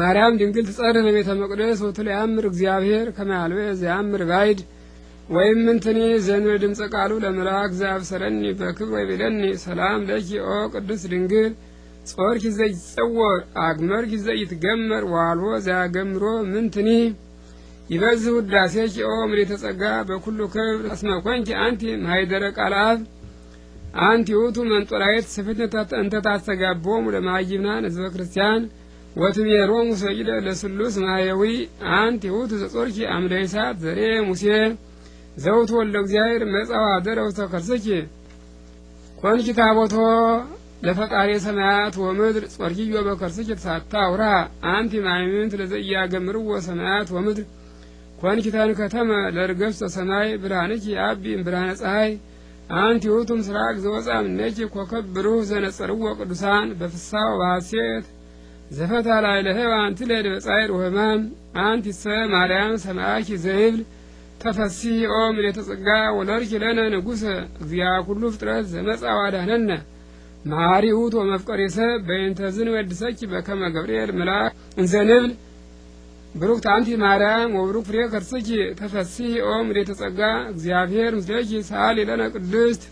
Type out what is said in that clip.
ማርያም ድንግል ትጸርህ በቤተ መቅደስ ወትል ያምር እግዚአብሔር ከመ ሀልወ ዘያምር ባይድ ወይም ምንትኒ ዘንር ድምፀ ቃሉ ለመልአክ ዘአብሰረኒ በክብር ወይቤለኒ ሰላም ለኪ ኦ ቅዱስ ድንግል ጾር ኪዘ ይጸወር አግመር ኪዘ ይትገመር ዋልዎ ዘያገምሮ ምንትኒ ይበዝህ ውዳሴኪ ኦ ምልዕተ ጸጋ በኩሉ ክብር እስመ ኮንኪ አንቲ ማኅደረ ቃለ አብ አንቲ ውእቱ መንጦላዕት ስፍሕት እንተ ታስተጋቦሙ ለመሃይምናን ህዝበ ክርስቲያን ወትቤሮሙ ሰኢለ ለስሉስ ማየዊ አንቲ ውእቱ ዘጾርኪ አምደይሳት ዘሬ ሙሴ ዘውቱ ወልደ እግዚአብሔር መጻዋ አደረ ውስተ ከርሰኪ ኮንኪ ታቦቶ ለፈጣሪ ሰማያት ወምድር ጾርኪዮ በከርሰኪ ተሳታውራ አንቲ ማይምንት ማእምንት ገምርዎ ሰማያት ወምድር ኮንኪ ከተመ ለርገብሰ ሰማይ ብርሃንኪ አቢ ብርሃነ ፀሐይ አንቲ ውቱም ስራቅ ዘወፃም እምኔኪ ኮከብ ብሩህ ዘነጸርዎ ቅዱሳን በፍሳው ባሴት ዘፈታ ላይ ለህብ አንቲ ለድ በጻይር ወህማም አንቲ ሰ ማርያም ሰማያኪ ዘይብል ተፈሲ ኦ ምኔተ ጸጋ ወለርኪ ለነ ንጉሰ እግዚአ ኩሉ ፍጥረት ዘመጻ ዋዳህነነ መሐሪ ውእቱ ወመፍቀሪ ሰብ በእንተ ዝንበድሰኪ በከመ ገብርኤል መልአክ እንዘ ብሩክት አንቲ ማርያም ወብሩክ ፍሬ ከርስኪ ተፈሲ ኦ ምኔተ ጸጋ እግዚአብሔር ምስሌኪ ሰአሊ ለነ ቅድስት